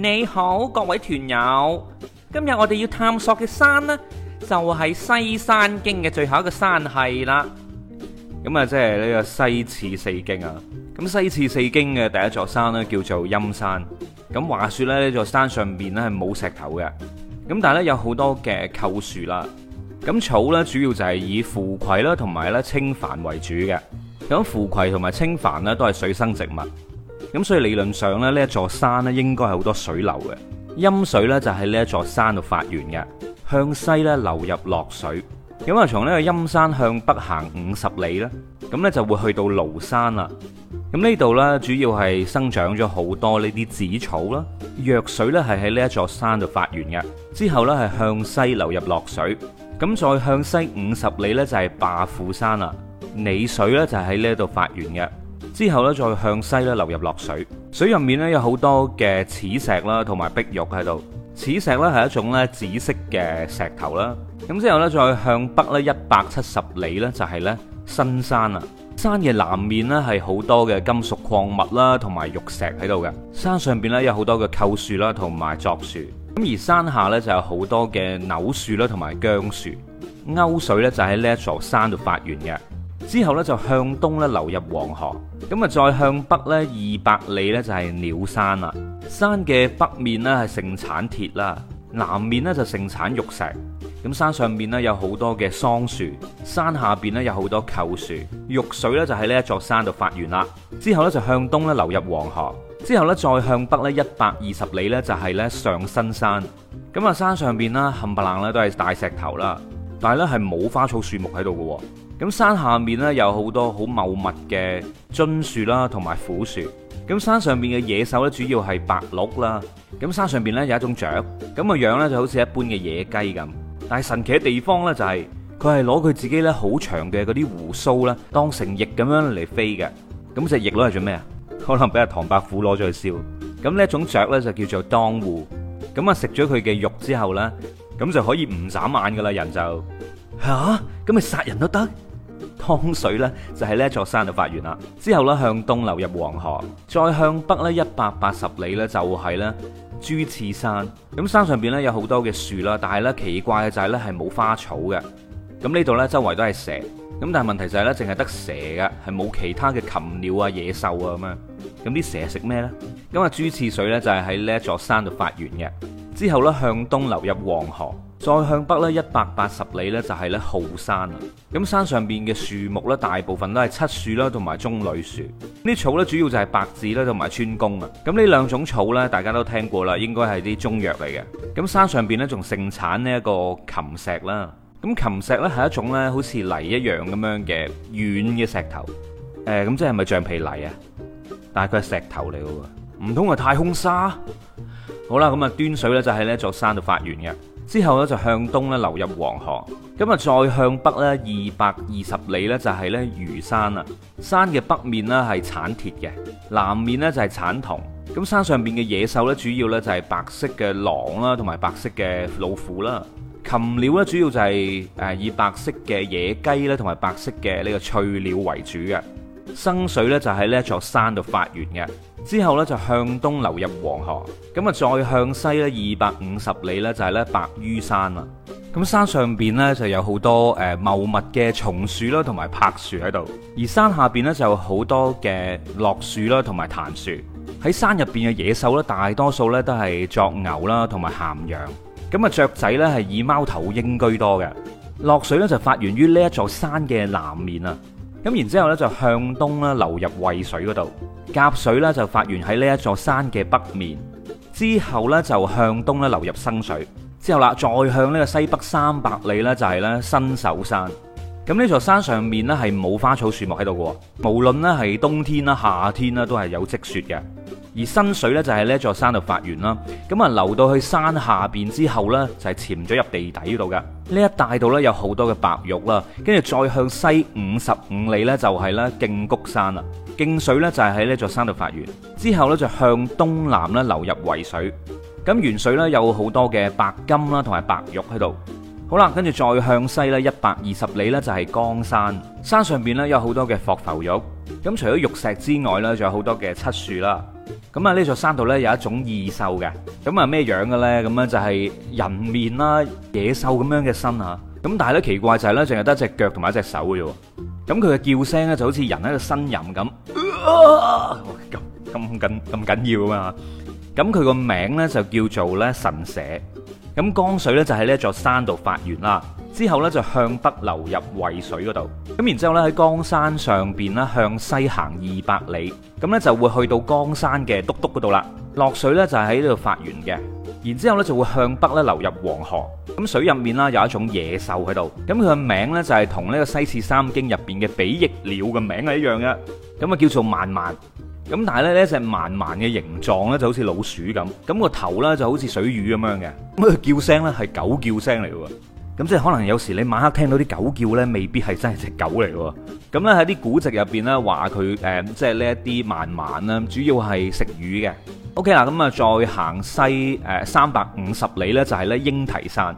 你好，各位團友，今日我哋要探索嘅山呢，就係西山經嘅最後一個山係啦。咁啊，即係呢個西次四經啊。咁西次四經嘅第一座山呢，叫做陰山。咁話說呢，呢座山上邊呢係冇石頭嘅，咁但係咧有好多嘅構樹啦。咁草呢，主要就係以浮葵啦，同埋咧青蕃為主嘅。咁浮葵同埋青蕃呢，都係水生植物。咁所以理論上咧，呢一座山咧應該係好多水流嘅，陰水咧就喺呢一座山度發源嘅，向西咧流入洛水。咁啊，從呢個陰山向北行五十里咧，咁咧就會去到廬山啦。咁呢度咧主要係生長咗好多呢啲紫草啦，藥水咧係喺呢一座山度發源嘅，之後咧係向西流入洛水。咁再向西五十里咧就係霸富山啦，水就里水咧就喺呢度發源嘅。之後咧再向西咧流入洛水，水入面咧有好多嘅紫石啦，同埋碧玉喺度。紫石咧係一種咧紫色嘅石頭啦。咁之後咧再向北咧一百七十里咧就係咧新山啊。山嘅南面咧係好多嘅金屬礦物啦，同埋玉石喺度嘅。山上邊咧有好多嘅構樹啦，同埋作樹。咁而山下咧就有好多嘅扭樹啦，同埋姜樹。歐水咧就喺呢一座山度發源嘅。之後咧就向東咧流入黃河，咁啊再向北咧二百里呢，就係鳥山啦。山嘅北面呢，係盛產鐵啦，南面呢，就盛產玉石。咁山上面呢，有好多嘅桑樹，山下邊呢，有好多構樹。玉水呢，就喺呢一座山度發源啦。之後呢，就向東咧流入黃河，之後呢，再向北呢，一百二十里呢，就係呢上新山。咁啊山上邊呢，冚唪唥咧都係大石頭啦，但係呢，係冇花草樹木喺度噶。咁山下面咧有好多好茂密嘅樽樹啦，同埋虎樹。咁山上邊嘅野獸咧，主要係白鹿啦。咁山上邊咧有一種雀，咁嘅樣咧就好似一般嘅野雞咁。但係神奇嘅地方咧就係，佢係攞佢自己咧好長嘅嗰啲胡鬚啦，當成翼咁樣嚟飛嘅。咁隻翼攞嚟做咩啊？可能俾阿唐伯虎攞咗去燒。咁呢一種雀咧就叫做當戶。咁啊食咗佢嘅肉之後咧，咁就可以唔眨眼噶啦，人就吓咁咪殺人都得。湯水咧就喺呢一座山度發源啦，之後咧向東流入黃河，再向北咧一百八十里咧就係咧朱次山。咁山上邊咧有好多嘅樹啦，但係咧奇怪嘅就係咧係冇花草嘅。咁呢度咧周圍都係蛇，咁但係問題就係咧淨係得蛇㗎，係冇其他嘅禽鳥啊、野獸啊咁樣。咁啲蛇食咩咧？咁啊，朱次水咧就係喺呢一座山度發源嘅，之後咧向東流入黃河。再向北咧，一百八十里呢，就係咧號山啦。咁山上邊嘅樹木咧，大部分都係漆樹啦，同埋棕櫚樹。呢草呢，主要就係白芷啦，同埋川芎啊。咁呢兩種草呢，大家都聽過啦，應該係啲中藥嚟嘅。咁山上邊呢，仲盛產呢一個琴石啦。咁琴石呢，係一種呢好似泥一樣咁樣嘅軟嘅石頭。誒、呃，咁即係咪橡皮泥啊？但係佢係石頭嚟嘅喎，唔通係太空沙？好啦，咁啊，端水呢，就喺呢座山度發源嘅。之後咧就向東咧流入黃河，咁啊再向北咧二百二十里呢，就係咧魚山啊！山嘅北面呢，係產鐵嘅，南面呢，就係產銅。咁山上邊嘅野獸咧，主要咧就係白色嘅狼啦，同埋白色嘅老虎啦。禽鳥咧，主要就係誒以白色嘅野雞咧，同埋白色嘅呢個翠鳥為主嘅。生水咧就喺呢一座山度發源嘅。之後咧就向東流入黃河，咁啊再向西咧二百五十里呢，就係咧白於山啦。咁山上邊呢，就有好多誒茂密嘅松樹啦，同埋柏樹喺度。而山下邊呢，就有好多嘅落樹啦，同埋檀樹。喺山入邊嘅野獸咧，大多數咧都係作牛啦，同埋咸羊。咁啊雀仔咧係以貓頭鷹居多嘅。落水咧就發源於呢一座山嘅南面啊。咁然之後呢，就向東咧流入渭水嗰度，甲水咧就發源喺呢一座山嘅北面，之後呢，就向東咧流入生水，之後啦再向呢個西北三百里呢，就係咧申首山，咁呢座山上面呢，係冇花草樹木喺度嘅，無論呢，係冬天啦、夏天啦都係有積雪嘅。而新水咧就係呢座山度發源啦，咁啊流到去山下面之後呢，就係潛咗入地底度㗎。呢一帶度呢，有好多嘅白玉啦，跟住再向西五十五里呢，就係咧涇谷山啦。涇水呢，就係喺呢座山度發源，之後呢，就向東南咧流入渭水。咁元水呢，有好多嘅白金啦同埋白玉喺度。好啦，跟住再向西咧一百二十里呢，就係江山，山上邊呢，有好多嘅霍浮玉。咁除咗玉石之外呢，仲有好多嘅七樹啦。咁啊，呢座山度咧有一種異獸嘅，咁啊咩樣嘅咧？咁樣就係人面啦，野獸咁樣嘅身吓，咁但係咧奇怪就係咧，淨係得一隻腳同埋一隻手嘅啫。咁佢嘅叫聲咧就好似人喺度呻吟咁，咁咁緊咁緊要啊嘛。咁佢個名咧就叫做咧神社。咁剛水咧就喺呢一座山度發源啦，之後咧就向北流入渭水嗰度。咁然之後咧喺剛山上邊咧向西行二百里，咁咧就會去到剛山嘅篤篤嗰度啦。洛水咧就喺呢度發源嘅，然之後咧就會向北咧流入黃河。咁水入面啦有一種野獸喺度，咁佢嘅名咧就係同呢個《西次三經》入邊嘅比翼鳥嘅名係一樣嘅，咁啊叫做蠻蠻。咁但係咧呢一隻蠻蠻嘅形狀咧就好似老鼠咁，咁個頭咧就好似水魚咁樣嘅，咁佢叫聲咧係狗叫聲嚟嘅，咁即係可能有時你晚黑聽到啲狗叫咧未必係真係隻狗嚟嘅，咁咧喺啲古籍入邊咧話佢誒即係呢一啲蠻蠻啦，主要係食魚嘅。OK 嗱，咁啊再行西誒三百五十里咧就係咧英鞮山，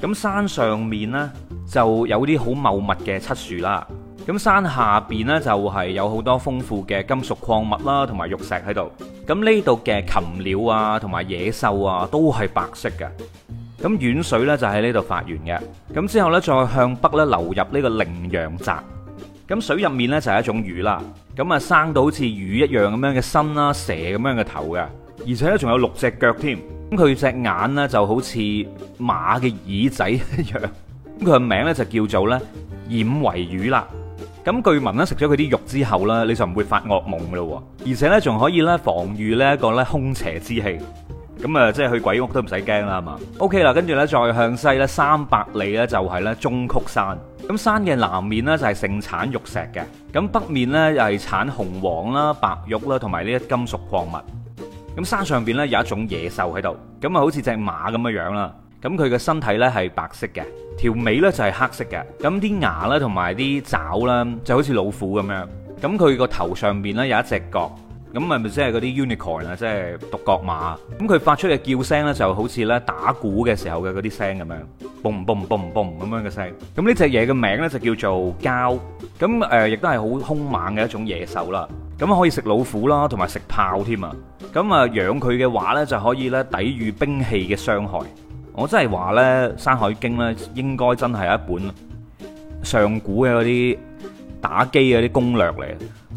咁山上面咧就有啲好茂密嘅七樹啦。咁山下邊呢，就係有好多豐富嘅金屬礦物啦，同埋玉石喺度。咁呢度嘅禽鳥啊，同埋野獸啊，都係白色嘅。咁涴水呢，就喺呢度發源嘅。咁之後呢，再向北呢流入呢個陵羊澤。咁水入面呢，就係一種魚啦。咁啊生到好似魚一樣咁樣嘅身啦，蛇咁樣嘅頭嘅，而且呢仲有六隻腳添。咁佢隻眼呢，就好似馬嘅耳仔一樣。咁佢嘅名呢，就叫做呢冉遺魚啦。咁據聞咧，食咗佢啲肉之後呢，你就唔會發噩夢㗎咯喎，而且呢，仲可以呢防御呢一個呢空邪之氣，咁啊即係去鬼屋都唔使驚啦，嘛？OK 啦，跟住呢，再向西呢，三百里呢，就係、是、呢中曲山，咁山嘅南面呢，就係、是、盛產玉石嘅，咁北面呢，又、就、係、是、產紅黃啦、白玉啦同埋呢一金屬礦物，咁山上邊呢，有一種野獸喺度，咁啊好似隻馬咁嘅樣啦。咁佢嘅身體咧係白色嘅，條尾咧就係黑色嘅。咁啲牙咧同埋啲爪咧就好似老虎咁樣。咁佢個頭上面咧有一隻角，咁係咪即係嗰啲 unicorn 啊？即係獨角馬。咁佢發出嘅叫聲咧就好似咧打鼓嘅時候嘅嗰啲聲咁樣，boom boom boom boom 咁樣嘅聲。咁呢隻嘢嘅名咧就叫做膠。咁誒，亦都係好兇猛嘅一種野獸啦。咁可以食老虎啦，同埋食豹添啊。咁啊，養佢嘅話咧就可以咧抵禦兵器嘅傷害。我真係話呢，《山海經》呢，應該真係一本上古嘅嗰啲打機嗰啲攻略嚟，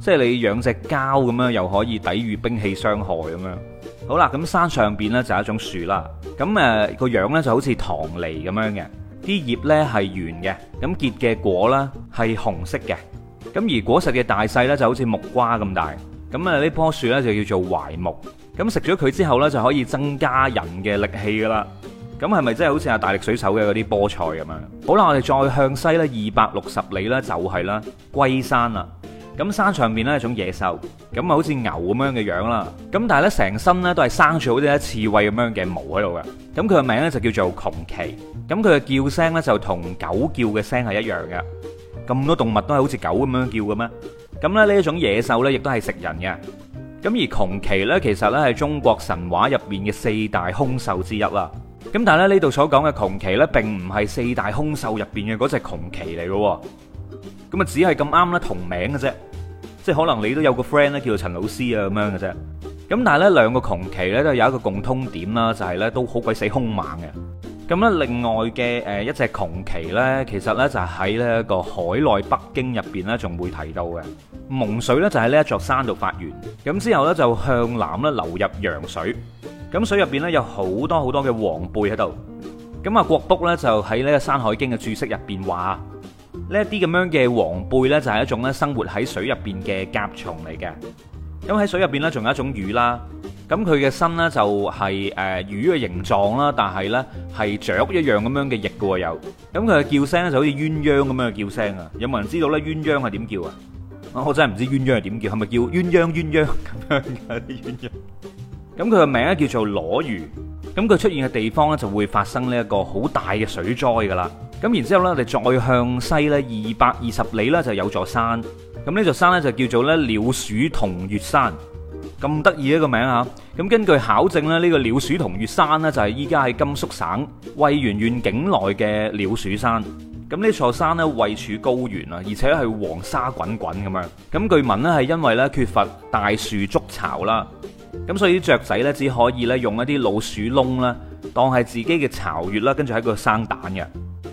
即係你養隻膠咁樣，又可以抵禦兵器傷害咁樣。好啦，咁山上邊呢，就有一種樹啦，咁誒個樣呢就好似棠梨咁樣嘅，啲葉呢係圓嘅，咁結嘅果呢係紅色嘅，咁而果實嘅大細呢，就好似木瓜咁大。咁啊呢棵樹呢，就叫做槐木，咁食咗佢之後呢，就可以增加人嘅力氣噶啦。咁係咪真係好似阿大力水手嘅嗰啲菠菜咁樣？好啦，我哋再向西呢，二百六十里呢就係啦，龜山啦。咁山上面呢有一種野獸，咁咪好似牛咁樣嘅樣啦。咁但係呢成身呢都係生住好似呢刺蝟咁樣嘅毛喺度嘅。咁佢嘅名呢就叫做窮奇。咁佢嘅叫聲呢就同狗叫嘅聲係一樣嘅。咁多動物都係好似狗咁樣叫嘅咩？咁呢呢一種野獸呢亦都係食人嘅。咁而窮奇呢其實呢係中國神話入面嘅四大凶獸之一啦。咁但係咧呢度所講嘅窮奇咧，並唔係四大凶獸入邊嘅嗰隻窮奇嚟嘅，咁啊只係咁啱咧同名嘅啫，即係可能你都有個 friend 咧叫做陳老師啊咁樣嘅啫。咁但係咧兩個窮奇咧都係有一個共通點啦，就係咧都好鬼死兇猛嘅。咁咧另外嘅誒一隻窮奇咧，其實咧就喺呢個海內北經入邊咧仲會提到嘅。蒙水咧就喺呢一座山度發源，咁之後咧就向南咧流入洋水。咁水入邊咧有好多好多嘅黃貝喺度，咁啊郭璞咧就喺呢個《山海經》嘅注釋入邊話，呢一啲咁樣嘅黃貝咧就係一種咧生活喺水入邊嘅甲蟲嚟嘅。咁喺水入邊咧仲有一種魚啦，咁佢嘅身咧就係誒魚嘅形狀啦，但係咧係雀一樣咁樣嘅翼嘅喎又。咁佢嘅叫聲咧就好似鴛鴦咁樣嘅叫聲啊！有冇人知道咧鴛鴦係點叫啊？我真係唔知鴛鴦係點叫，係咪叫鴛鴦鴛鴦咁樣噶啲鴛鴦？咁佢嘅名咧叫做裸魚，咁佢出現嘅地方咧就會發生呢一個好大嘅水災噶啦。咁然之後咧，我哋再向西咧二百二十里呢，就有座山。咁呢座山咧就叫做咧鳥鼠同月山，咁得意一個名吓啊。咁根據考證咧，呢個鳥鼠同月山咧就係依家喺甘肅省渭源縣境內嘅鳥鼠山。咁呢座山咧位處高原啊，而且係黃沙滾滾咁樣。咁據聞呢，係因為咧缺乏大樹築巢啦。咁所以啲雀仔咧只可以咧用一啲老鼠窿啦，當係自己嘅巢穴啦，跟住喺嗰度生蛋嘅。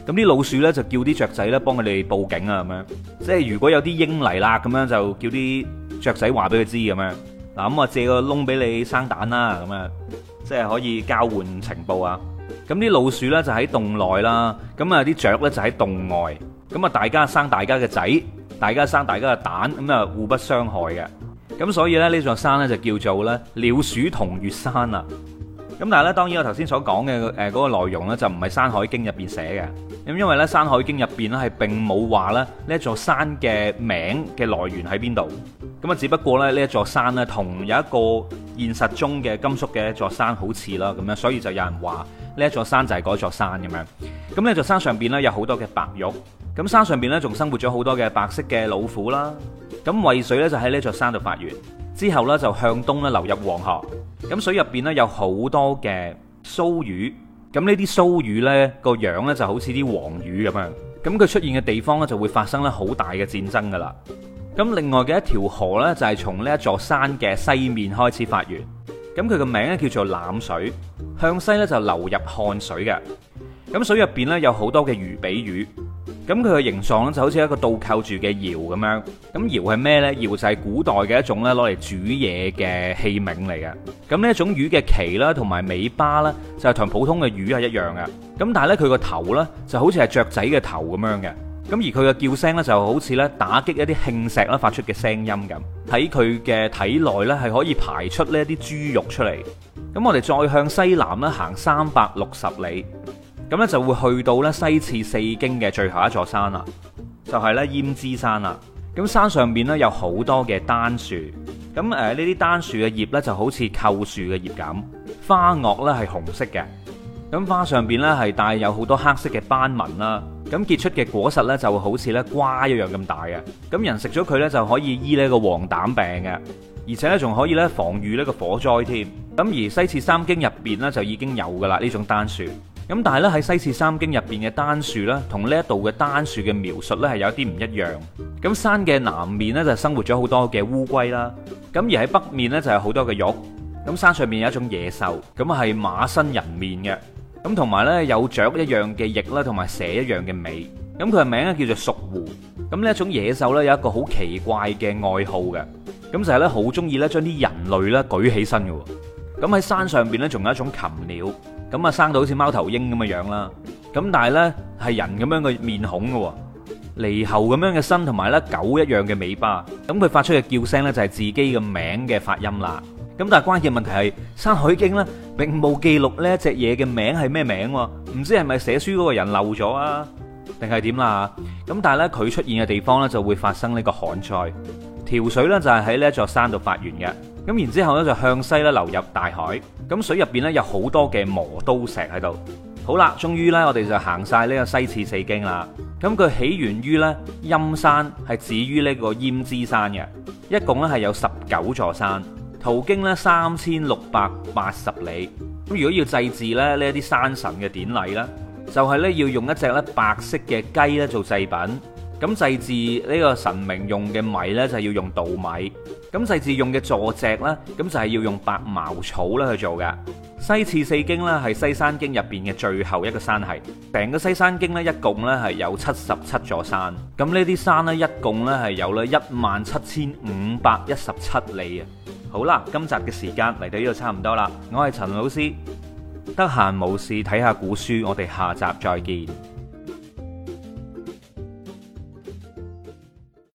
咁啲老鼠咧就叫啲雀仔咧幫佢哋報警啊咁樣。即係如果有啲鷹嚟啦，咁樣就叫啲雀仔話俾佢知咁樣。嗱，咁我借個窿俾你生蛋啦，咁樣即係可以交換情報啊。咁啲老鼠咧就喺洞內啦，咁啊啲雀咧就喺洞外，咁啊大家生大家嘅仔，大家生大家嘅蛋，咁啊互不傷害嘅。咁所以咧呢座山咧就叫做咧鳥鼠同月山啊！咁但係咧當然我頭先所講嘅誒嗰個內容咧就唔係山海經入邊寫嘅。咁因為咧山海經入邊咧係並冇話咧呢一座山嘅名嘅來源喺邊度。咁啊只不過咧呢一座山咧同有一個現實中嘅甘肅嘅一座山好似啦咁樣，所以就有人話呢一座山就係嗰座山咁樣。咁呢座山上邊咧有好多嘅白玉，咁山上邊咧仲生活咗好多嘅白色嘅老虎啦。咁渭水咧就喺呢座山度發源，之後咧就向東咧流入黃河。咁水入邊咧有好多嘅蘇魚，咁呢啲蘇魚呢個樣呢，就好似啲黃魚咁樣。咁佢出現嘅地方呢，就會發生咧好大嘅戰爭噶啦。咁另外嘅一條河呢，就係從呢一座山嘅西面開始發源，咁佢嘅名咧叫做濫水，向西咧就流入漢水嘅。咁水入邊呢，有好多嘅魚比魚。咁佢嘅形狀咧就好似一個倒扣住嘅窯咁樣，咁窯係咩呢？窯就係古代嘅一種咧攞嚟煮嘢嘅器皿嚟嘅。咁呢一種魚嘅鰭啦同埋尾巴啦就係同普通嘅魚係一樣嘅，咁但係呢，佢個頭呢就好似係雀仔嘅頭咁樣嘅，咁而佢嘅叫聲呢，就好似呢打擊一啲磬石啦發出嘅聲音咁。睇佢嘅體內呢，係可以排出呢啲豬肉出嚟。咁我哋再向西南呢行三百六十里。咁咧就會去到咧西次四經嘅最後一座山啦，就係咧胭脂山啦。咁山上面咧有好多嘅丹樹，咁誒呢啲丹樹嘅葉咧就好似構樹嘅葉咁，花萼咧係紅色嘅，咁花上邊咧係帶有好多黑色嘅斑紋啦。咁結出嘅果實咧就會好似咧瓜一樣咁大嘅。咁人食咗佢咧就可以醫呢個黃疸病嘅，而且咧仲可以咧防禦呢個火災添。咁而西次三經入邊咧就已經有噶啦呢種丹樹。咁但係咧喺《西次三經》入邊嘅丹樹咧，同呢一度嘅丹樹嘅描述咧係有一啲唔一樣。咁山嘅南面咧就生活咗好多嘅烏龜啦，咁而喺北面咧就有好多嘅玉。咁山上面有一種野獸，咁係馬身人面嘅，咁同埋咧有雀一樣嘅翼啦，同埋蛇一樣嘅尾。咁佢嘅名咧叫做孰湖。咁呢一種野獸咧有一個好奇怪嘅愛好嘅，咁就係咧好中意咧將啲人類咧舉起身嘅。咁喺山上邊咧仲有一種禽鳥。咁啊，生到好似貓頭鷹咁嘅樣啦，咁但係咧係人咁樣嘅面孔嘅，獼猴咁樣嘅身，同埋咧狗一樣嘅尾巴，咁佢發出嘅叫聲咧就係自己嘅名嘅發音啦。咁但係關鍵問題係《山海經》咧，並冇記錄呢一隻嘢嘅名係咩名，唔知係咪寫書嗰個人漏咗啊，定係點啦吓？咁但係咧佢出現嘅地方咧就會發生呢個旱災，苕水咧就係喺呢一座山度發源嘅。咁然之後咧，就向西咧流入大海。咁水入面咧有好多嘅磨刀石喺度。好啦，終於咧我哋就行晒呢個西次四經啦。咁佢起源於咧陰山，係止於呢個胭脂山嘅。一共咧係有十九座山，途經咧三千六百八十里。咁如果要祭祀咧呢一啲山神嘅典禮呢，就係咧要用一隻咧白色嘅雞咧做祭品。咁祭祀呢個神明用嘅米呢，就要用稻米；咁祭祀用嘅坐席呢，咁就係要用白茅草咧去做嘅。西次四經呢，係西山經入邊嘅最後一個山系。成個西山經呢，一共呢，係有七十七座山。咁呢啲山呢，一共呢，係有咧一萬七千五百一十七里啊！好啦，今集嘅時間嚟到呢度差唔多啦。我係陳老師，得閒冇事睇下古書，我哋下集再見。